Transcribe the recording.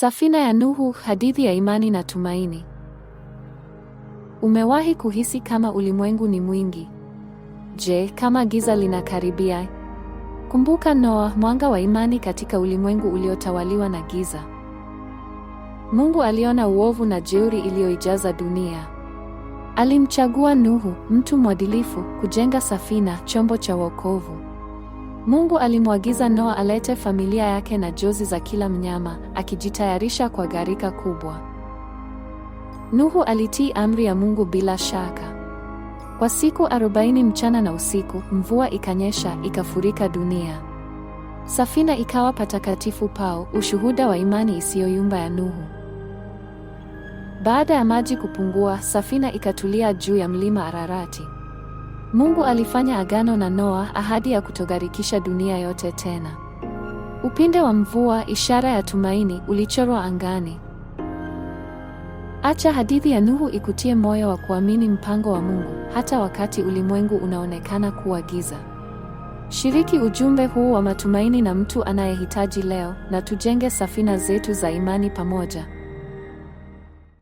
Safina ya Nuhu, hadithi ya imani na tumaini. Umewahi kuhisi kama ulimwengu ni mwingi? Je, kama giza linakaribia? Kumbuka Noa, mwanga wa imani katika ulimwengu uliotawaliwa na giza. Mungu aliona uovu na jeuri iliyoijaza dunia. Alimchagua Nuhu, mtu mwadilifu, kujenga safina, chombo cha wokovu. Mungu alimwagiza Noa alete familia yake na jozi za kila mnyama, akijitayarisha kwa gharika kubwa. Nuhu alitii amri ya Mungu bila shaka. Kwa siku arobaini mchana na usiku, mvua ikanyesha, ikafurika dunia. Safina ikawa patakatifu pao, ushuhuda wa imani isiyoyumba ya Nuhu. Baada ya maji kupungua, safina ikatulia juu ya mlima Ararati. Mungu alifanya agano na Noa, ahadi ya kutogharikisha dunia yote tena. Upinde wa mvua, ishara ya tumaini, ulichorwa angani. Acha hadithi ya Nuhu ikutie moyo wa kuamini mpango wa Mungu hata wakati ulimwengu unaonekana kuwa giza. Shiriki ujumbe huu wa matumaini na mtu anayehitaji leo na tujenge safina zetu za imani pamoja.